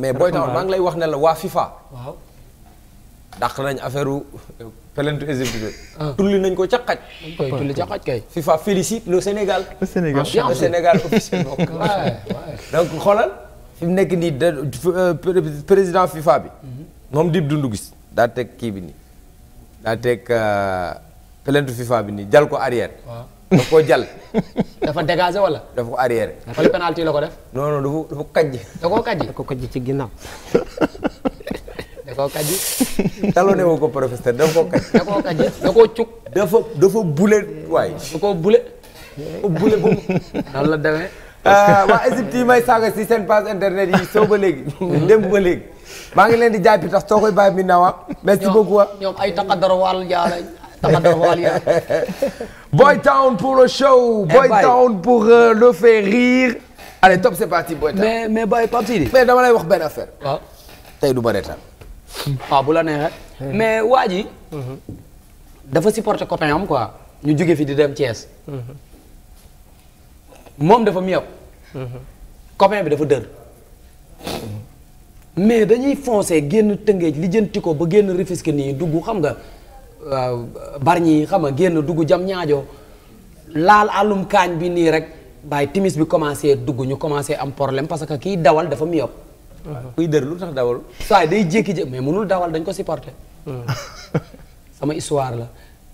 mais booy taxaw maa ngi lay wax ne la waa FIFA. daq dàq nañ affaire pelentu Égypte euh, ah. tulli nañ ko ca xaj. koy tulli ca xaj kay. FIFA félicite le Sénégal. le Sénégal le Sénégal officiellement. donc xoolal fi nekk nii de euh, président FIFA bi. Mhm. moom Dip Doundou Guiss daa teg kii bi nii. daa teg euh, pelentu FIFA bi nii jal ko arrière. daf koo jàll. dafa dégagé wala. dafa ko arrière. dafa la penalty la ko def. non non dafa dafa kàjj. da koo kàjj da koo kàjj ci ginnaaw. da koo kàjj. talonné woo ko professeur da koo kàjj. da koo kàjj da koo cuk. dafa dafa bule waay. da koo bule. bule boobu. noonu la demee. Ah, waa Égypte yi may saaga si seen page internet yi soo ba léegi. dem ba léegi. maa ngi leen di jaay bi tax soo koy bàyyi mi nawa. merci beaucoup ah. ñoom ay taqadar wàllu jaalañ. Boy Town pour le show. Eh, boy Town pour euh, le faire rire. allez top c'est parti Boy Town. mais mais Baye Pape Sidi. mais dama lay wax benn affaire. waaw ah. tey du ma reetaan. waaw bu la neexee. Hmm. mais waa ji. Hmm. dafa supporter copain am quoi. ñu jóge fi di dem Thiès. Hmm. moom dafa mieux. copain bi dafa dër. mais dañuy foncer génn Tëngéej lijjanti ko ba génn Rufisque nii dugg xam nga. ñi xam nga génn dugg jam ñaajo laal àllum kaañ bi nii rek bàyyi timis bi commencé dugg ñu commencé am problème parce que kiy dawal dafa myope. kuy dër lu tax dawal. saa day jékki-jékki mais mënul dawal dañ ko supporter. Hmm. sama histoire la.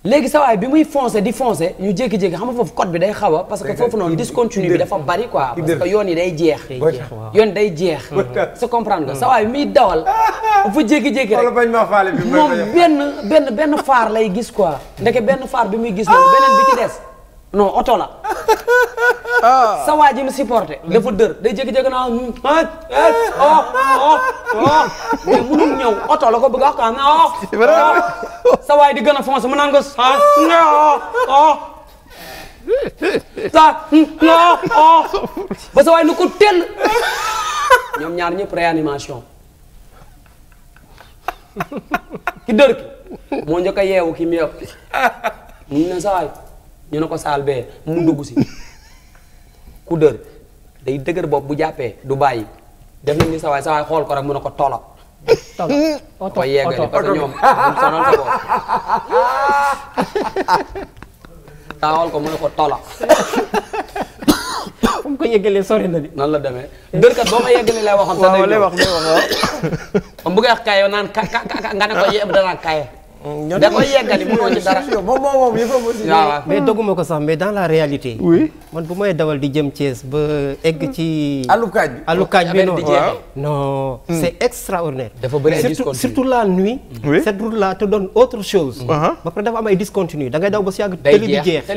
léegi sa waay bi muy foncé di foncé ñu jékki-jékki xam foofu code bi day xaw a parce que foofu noonu discontinu bi dafa bari quoi parce que yoon yi day jeex yoon day jeex sa comprendre nga sa waay bi muy dawal fa jékki-jékki rek moom benn benn benn faar lay gis quoi ndeke benn faar bi muy gis noonu ah! beneen bi ci des non oto la Ah. sa waa ji mu supporté dafa dër day jékki-jékki naa hmm, ah ah oh oh ko bëgg a wax sa waay di gën a foncé hmm, ba sa waay nu ko tell ñoom ñaar ñëpp réanimation ki dër ki moo yeewu ki mu yëpp mu ne sa ko saal bee mu dugg ku dër day dëgër bopp bu jàppee du bàyyi def nañ ni sa waay sa xool ko rek mën na ko tolop tolop oto ko yeggali parce que ñoom bu sonal sa bopp saa xool ko mën na ko tolop ko yeggalee sori na di nan la demee dërkat boo ma yeggalee lay waxoon sax lay wax lay wax waaw kaye naan ka ka nga ne ko yeb danaa kaye da koy yeggali mënoo ci dara moom moom moom yëpp aussi mais doguma ko sax mais dans la réalité man bu may dawal di jëm Thiès ba egg ci alukaaj bi alukaaj bi non hmm. non dafa bëri ay discontinu surtout la nuit cette route là te donne autre chose uh-huh. da ngay daw ba si yàgg tëli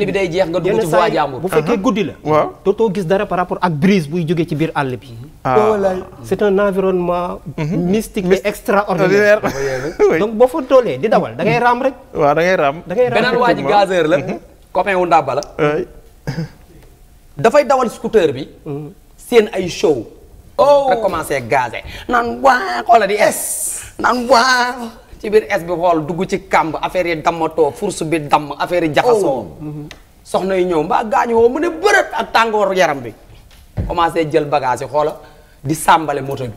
bi day jeex nga dugg ci voie jàmbur bu fekkee uh-huh. guddi la dootoo gis dara par rapport ak brise buy jógee ci biir àll bi ah oh, c'est un environnement. Mhm. mystique et extraordinaire. donc boo fa toolee di dawal dangay ngay raam rek. da ngay beneen waa ji gazeur la. Mhm. copain wu ndàbba la. dafay dawal scooter bi. Mhm. seen ay show. oh commencé gazé ci biir es bi dugg ci kàmb affaire yi dammatoo fursu bi damm affaire yi jaxasoo. Oh. soxna yi ñëw mbaa gaañu woo mu ne bërët ak tàngoor yaram bi. commencé jël bagage yi xoola di sàmbale moto bi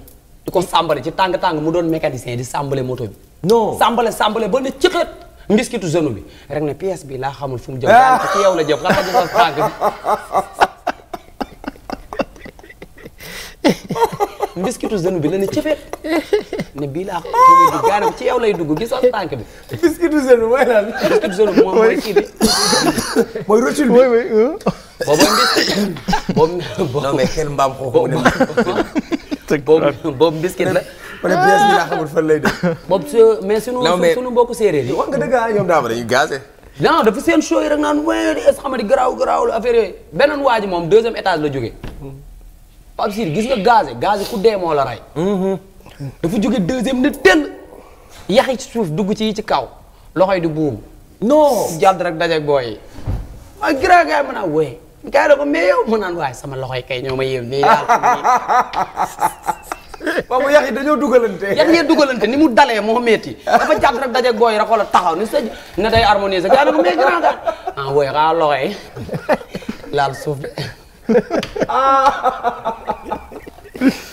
di ko sàmbale ci tàng tàng mu doon mécanicien di sàmbale moto bi. non sàmbale sàmbale ba ne cëxët. mbiskitu jeune bi rek na pièce bi laa xamul fu mu jëm. daanaka ci yow la jëm nga xam ne tànk bi. biscuitu zën bi la ni cëfeet ne bii laa ko gaane ko ci yow lay dugg gisal tànk bi. biscuitu zën bi mooy lan. biscuitu zën bi moom mooy kii bi. mooy rotule bi mooy euh. boobu boobu. non mais kenn mbaam xooxu ne boobu boobu biscuit la. wala pièce bi laa xamul fan lay def. boobu su mais sunu sunu mbokku séeréer yi. wax nga dëgg ah ñoom daa ma dañuy gazé. non dafa seen show yi rek naan wéy est-ce que xam nga garaaw garaaw la affaire yooyu beneen waa ji moom deuxième étage la jógee. Pape gis nga gazé gazé ku dee moo la rey. Mm-hmm. dafa jóge deuxième na tëll. yax ci suuf dugg ci yi ci kaw loxo yi di buum. non jàdd rek daje booy yi. waaye giraar gaay mën naa wooye. mu naan waaye sama loxo yi kay ñoo ma yéem nii daal. waaw mooy yax yi dañoo dugalante. ni mu dalee moo métti dafa jàdd booy yi taxaw ni sëñ ne day harmoniser gaay ah wooye loxo yi laal suuf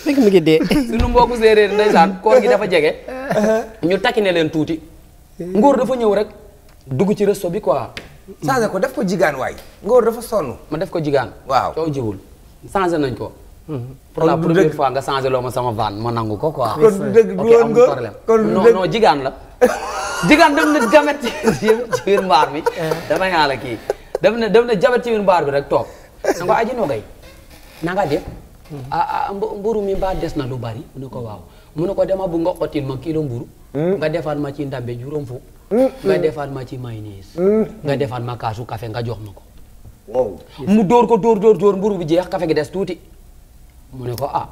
fekk mu ngi dee. suñu mbokku séeréer ndeysaan koor gi dafa jege. Uh-huh. ñu takkine leen tuuti. ngóor dafa ñëw rek dugg ci resto bi quoi. changé ko def ko jigaan waay. ngóor dafa sonn. ma def ko jigaan. waaw coow jiwul changé nañ ko. Mm-hmm. pour la première fois nga changé loo ma sama van ma nangu ko quoi. am du dëgg du nga kon du dëgg jigaan la. jigaan dem na jamet ci biir mbaar mi. Uh-huh. dafa ñaala kii dem na dem na jamet ci biir mbaar bi rek toog. nango ajinogay nanga def a mburu mi mba des na lu bari mu ne ko waaw mu ne ko dama bu nga xottil ma kilo mburu hmm. nga defal ma ci ndambe juróom fukk hmm. nga defal ma ci mayonnaise hmm. nga defal ma kaasu café nga jox ma ko mu dóor ko dóor dóor dóor mburu bi jeex café gi des tuuti mu ne ko ah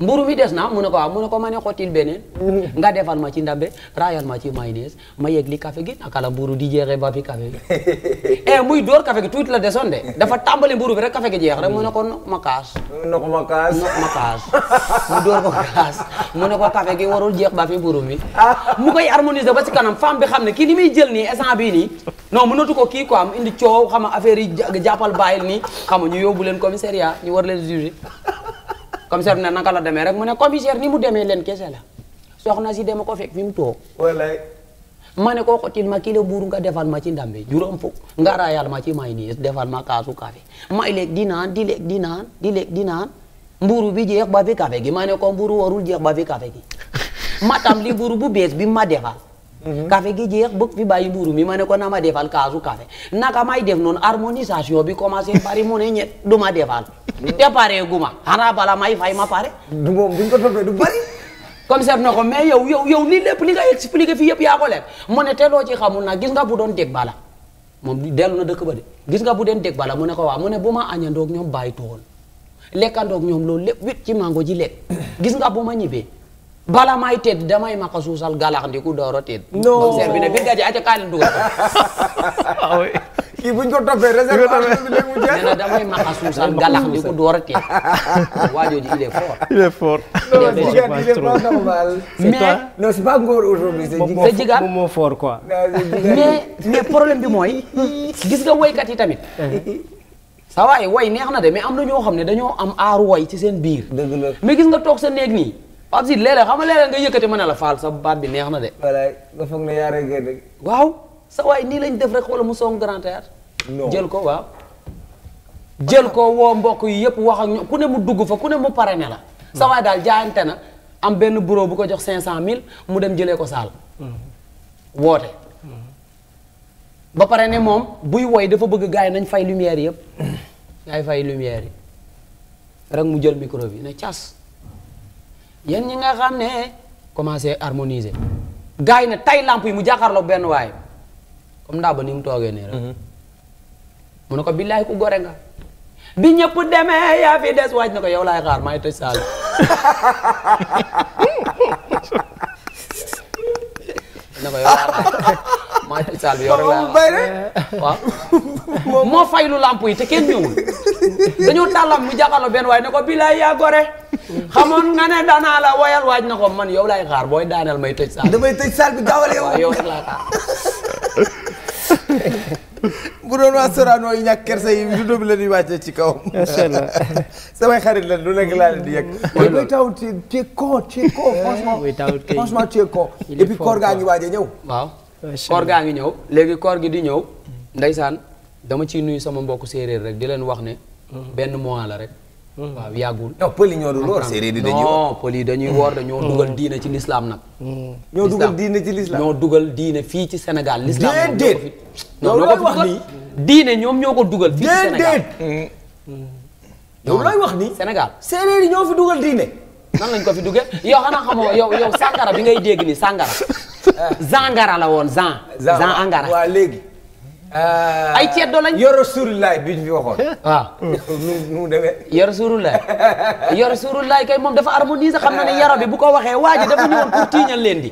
mburu mi des na mu ne ko waaw mu ne ko ma ne xottil beneen nga defal ma ci ndambe raayal ma ci mayonnaise ma yegg li café gi naka la mburu di jeexee ba fi café gi eh muy door kafe gi tuuti la desoon de dafa tàmbali mburu bi rek kafe gi jeex rek mu ne ko nok ma kaas nok ma kaas nok ma kaas mu door ko kaas mu ne ko café gi warul jeex ba fi mburu mi mu koy harmoniser ba ci kanam femme bi xam ne kii li muy jël nii instant bii nii non mënatu ko kii quoi am indi coow xam nga affaire yi jàppal bàyyil nii xam ñu yóbbu leen commissariat ñu war leen commissaire bi ne naka la demee rek mu ne commissaire ni mu demee leen kese la soxna si dama ko fekk fi mu toog. walaay. ma ne ko xottil ma kilo buur nga defal ma ci ndambe juróom fukk nga raayal ma ci may nii defal ma kaasu café may lekk di naan di lekk di naan di lekk di naan mburu bi jeex ba fi café gi ma ne ko mburu warul jeex ba bi café gi matam li mburu bu bees bi ma defal Mhm. café gi jeex bëgg fi bàyyi mburu mi ma ne ko na ma defal kaasu café naka may def noonu harmonisation bi commencé pare mu ne ñett du ma defal te pare gu ma xanaa bala may fay ma pare du moom buñ ko du bari comme seet na ko mais yow yow yow li lépp li nga yëpp yaa ko lekk mu ne te loo ci xamul nag gis nga bu doon dég bala moom dellu na dëkk ba de gis nga bu deen dég bala mu ne ko wa mu ne bu ma añandoog ñoom bàyyi toon lekkandoog ñoom loolu lépp wit ci mango ji lekk gis nga bu ma ñibbee bala may tedd damay makasuusal galaxndiku door a tedd. non concert bi nag ah ko toppee réservation damay makasuusal galaxndiku door a tedd. waajoo ji il est fort. il est fort. non jigéen il est pas normal. mais non bi mooy. gis nga woykat yi tamit. sa waay woy neex na de mais am na ñoo xam ne dañoo am aaru woy ci seen biir. dëgg la gis nga toog sa néeg nii. Pape Sidi léeg-léeg xam nga léeg-léeg nga yëkkati ma ne la Fall sa baat bi neex na de. voilà nga foog ne yaa waaw sa waay nii lañ def rek xoolal mu song grand théâtre jël ko waaw. jël ko woo mbokk yi yëpp wax ak ñoom ku ne mu dugg fa ku ne mu parrainé la. sa daal jaayante na am benn bureau bu ko jox cent mille mu dem jëlee ko saal. Mm-hmm. woote. Mm-hmm. ba pare ne moom buy woy dafa bëgg gars nañ fay lumière yëpp. Mm-hmm. gars yi fay lumière yi rek mu jël micro bi ne cas. yéen ñi nga xam ne commencé harmoniser gars yi ne tay lamp yi mu jàkkaarloo benn waay comme ndaa ba mu toogee nii mhm. ne ko billaahi ku gore nga bi ñëpp demee yaa fi des waaj na ko yow laay xaar maay tëj saal na ko yow laay xaar maay moo fay lu lamp yi te kenn ñëwul dañoo taal lamp mu jàkkaarloo benn waay ne ko billaahi yaa gore xamoon nga ne daanaa la woyal waaj na ko man yow laay xaar booy daaneel may tëj saal damay tëj saal bi gaawal yow yow rek xaar bu doon waa Sorano yi ñàkk kersa yi du dóobi la ñuy wàccee ci kawam. macha xarit la lu nekk laa leen di yegg. mooy loolu taw koor gaa ngi waaj ñëw. waaw koor gaa ngi ñëw léegi koor gi di ñëw. ndeysaan dama ciy nuyu sama mbokk séeréer rek di leen wax ne. Mm-hmm. benn mois la rek. Mm. waaw yàggul. non pël yi ñoo dul woor séeréer yi dañuy woor non pël yi dañuy woor dañoo mm. dugal diine ci lislaam nag. Mm. ñoo dugal diine ci lislaam dugal diine fii ci senegal lislaam déedéet loolu looy wax nii diine ko dugal. fii ci Sénégal déedéet. loolu yi fi dugal diine. nan lañ ko fi duggee yow xanaa xamoo yow yow bi ngay dégg ni sàngara. zangara la woon zan. zan angara léegi. Euh, ay ceddo lañ. yor suurulaay bi ñu fi waxoon. waaw. Ah. nu nu demee. yor suurulaay yor suurulaay kay moom dafa harmoniser xam na ne yaro bu ko waxee waa ji dafa ñëwoon pour tiiñal leen di.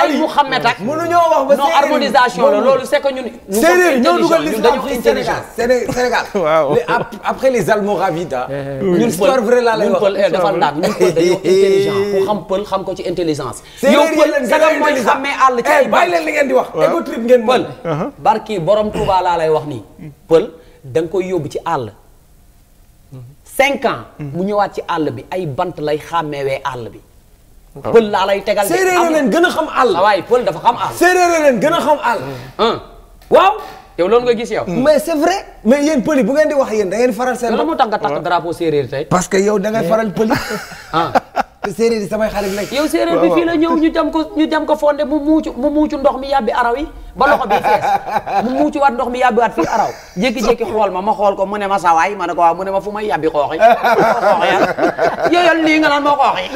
ay Mouhamed ak. mënuñoo wax ba non harmonisation la loolu c'est que ñun. séeréer ñoo dugal li dañoo intelligent Sénégal. waaw après les almoravides ah. eh, eh, ñun sport vrai laa eh, dafa ndànk ñun pël dañoo intelligent ku xam pël xam ko ci intelligence. séeréer yéen a ngi leen di mooy xàmmee àll ci ay bàyyi leen li di wax. égo trip ngeen mën uh-huh. barki borom Touba laa lay wax nii. pël danga koy yóbbu ci àll. cinq ans. mu ñëwaat ci àll bi ay bant lay xàmmeewee àll bi. Ah. pël laa lay tegal de séeréer leen gën a xam àll. waaye pël dafa xam àll. séeréer leen gën a xam àll. waaw. yow loolu nga gis yow. Mm. mais c'est vrai. mais yéen pël yi bu ngeen di wax yéen da ngeen faral seen. lan moo tax nga takk séeréer tey. parce que yow da ngay eh. faral pël séeréer yi samay xarit lañ. yow séeréer bi fii la ñëw ñu jam ko ñu jam ko fonde mu muucu mu muucu ndox mi yàbbi araw yi ba loxo bi fees mu muucu waat ndox mi yàbbi waat fii araw jékki-jékki xool ma ma xool ko mu ne ma sawaay ma ne ko waaw mu ne ma fu may yàbbi xooxi xooxi yoyal lii nga naan moo xooxi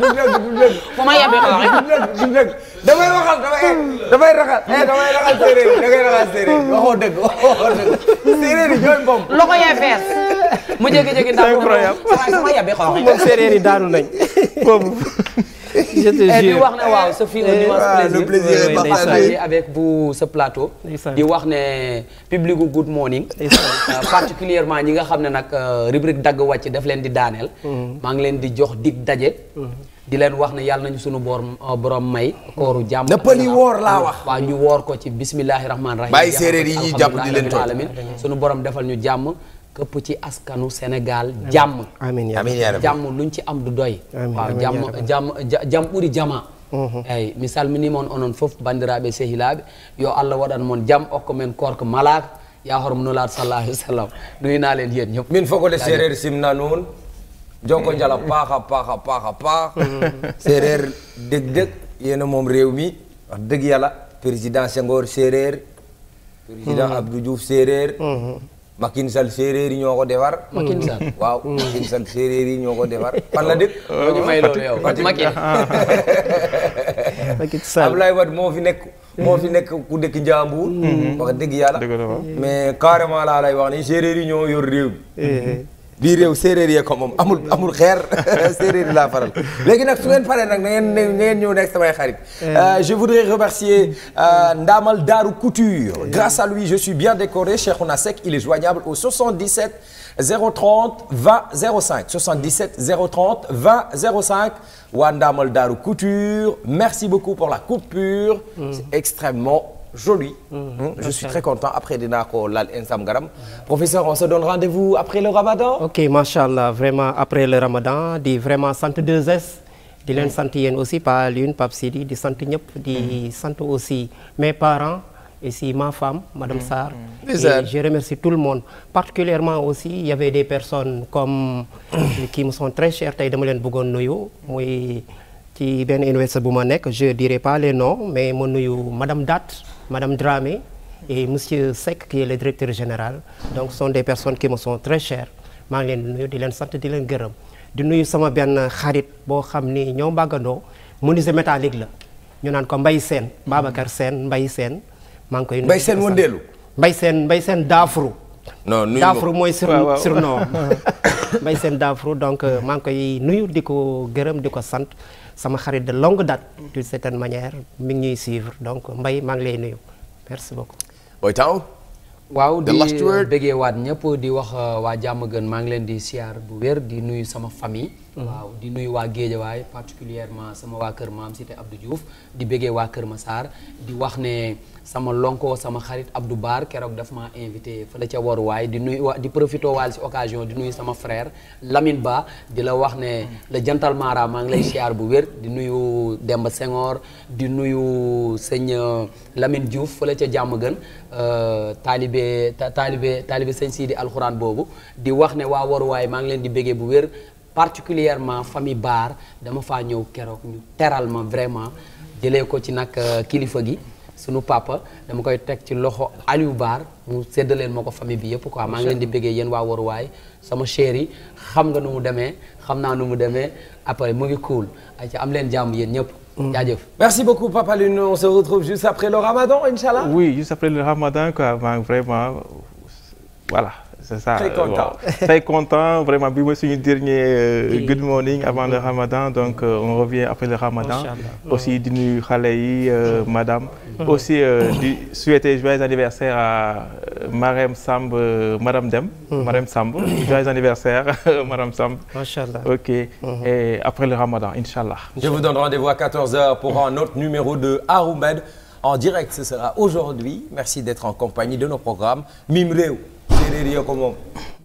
du dëgg du dëgg fu may yàbbi xooxi du dëgg damay waxal damay damay raxal eh, da raxal séeréer yi da ngay raxal séeréer yi waxoo dëgg waxoo dëgg séeréer yi ñooy moom loxo yee fees mu jékki-jékki ndax sama sama yabee xaw ma. moom séeréer yi eh, wax ne waaw ce fut eh, un plateau. di wax ne public good morning. Euh, particulièrement ñi nga xam ne nag euh, rubrique dagg wàcc daf leen di daaneel. Mm-hmm. maa ngi leen di jox dig daje. Mm-hmm. di leen wax ne yàlla nañu sunu boor euh, borom may. kooru jàmm na pëli woor laa wax. waaw ñu woor ko ci bismillahi rahmaani rahiim. bàyyi séeréer yi ñuy jàpp di leen toog sunu borom defal ñu jàmm. këpp ci askanu Sénégal jàmm jàmm luñ ci am du doy waaw jàmm jàmm jam ɓuri jama eyyi mm-hmm. mi salmini moon onon fof bandiraɓe sehilaɓe yo allah waɗan moon jam okko men korko malaka ya hormonulaat sallah alih wa sallam nuyinaa leen yéen ñëpp min fogole séeréer simna nuun joko njala paax a paax a paax a paax mm-hmm. séeréer dëgg-dëgg yéena moom réew mi wax dëgg yàlla président Senghor séeréer président mm-hmm. Abdou Diouf séeréer Makin sal séeréer yi ñoo ko defar. Mm. waaw mm. Makin Sall séeréer yi ñoo ko defar. fan la dëkk. moo oh, ñu may loolu yow Makin. Makin Sall Ablaye Wade moo fi nekk. moo fi nekk ku dëkk Njambur. Mm-hmm. wax dëgg yàlla. mais carrément laa lay wax ni séeréer yi ñoo yor réew. bii réew séeréer yee ko moom amul amul xeer séeréer yi laa faral léegi nag su ngeen paree nag na ngeen na ngeen ñëw nekk samay xarit eh. euh, je voudrais remercier euh, Ndamal Daaru Couture eh. grâce à lui je suis bien décoré Cheikhouna Seck il est joignable au 77 030 20 05 77 030 20 05 waa Ndamal Daaru Couture merci beaucoup la coupure hmm. joli. Mm-hmm. je suis très content après dinaa ko laal insam garam. professeur on se donne rendez-vous après le ramadan. ok macha allah vraiment après le ramadan di vraiment sant 2S. di leen mm. sant yéen aussi Pa Lune Pape Sidi di sant ñëpp. di mm. sant aussi mes parents. et si ma femme madam mm. Sarr. et je remercie tout le monde particulièrement aussi il y des personnes comme. qui me sont très chères tey dama leen bëggoon nuyu. muy ci benn université bu ma nekk je dirai pas les noms ma nuyu madame Madame Dramé et Monsieur Seck qui est directeur général donc son des personnes qui me sont très chères maa ngi leen di nuyu di leen sant di leen gërëm di nuyu sama benn xarit boo xam ni ñoom mbàggandoo menuisier métallique la ñu naan ko Mbaye Sène Babacar Sène Mbaye Sène maa ngi koy nuyu Mbaye Sène wëndeelu Mbaye Sène Mbaye Sène Daafru non nuyu Daafru mooy sur surnom Mbaye Sène donc euh, maa ngi koy nuyu di ko gërëm di ko sant sama xarit de longue date d'une certaine manière mi ngi ñuy suivre donc mbay maa ngi lay nuyu merci beaucoup. booy taw. waaw di bëggee waat ñëpp di wax euh, waa jàmm gën maa ngi leen di siyaar bu wér di nuyu sama famille. waaw mm-hmm. di nuyu waa Géejawaay particulièrement sama waa kër maam cité Abdou Diouf di bëggee waa kër ma saar di wax ne sama lonko sama xarit Abdou Baar keroog dafa maa invité fële ca waruwaay di nuyu di profité waal si occasion di nuyu sama frère Lamine Ba di la wax ne mm-hmm. le jantal Mara maa ngi lay siyaar bu wér di nuyu Demba Senghor di nuyu sëñ euh, Lamine Diouf fële ca jàmm gën euh, taalibe taalibe taalibe sëñ Sidi alxuraan boobu di wax ne waa waruwaay maa ngi leen di bëggee bu wér particulièrement famille bar dama faa ñëw keroog ñu teral ma vraiment jëlee ko ci nag euh, kilifa gi sunu papa dama koy teg ci loxo Aliou Baar mu leen ma ko famille bi yëpp quoi maa ngi leen di bëggee yéen waa waruwaay sama chéri yi xam nga nu mu demee xam naa nu mu demee après mu ngi cool ay am leen jàmm yéen ñëpp mm. jaajëf merci beaucoup Papa Lune on se retrouve juste après le Ramadan inchallah oui juste après le Ramadan quoi vraiment voilà c'est ça très content très content vraiment bi mooy suñu dernier euh, good morning avant le ramadan donc euh, on revient après le ramadan aussi di nuyu xale yi euh, mm-hmm. madame mm-hmm. aussi di souhaiter joyeux anniversaire à Marème Samb madame Deme mm-hmm. Samb joyeux anniversaire madame Samb et après le ramadan inchallah je vous donne rendez à 14 pour un numéro de Arru en direct ce sera aujourd'hui merci d'être en compagnie de nos programmes Mime séeréer ya ko moom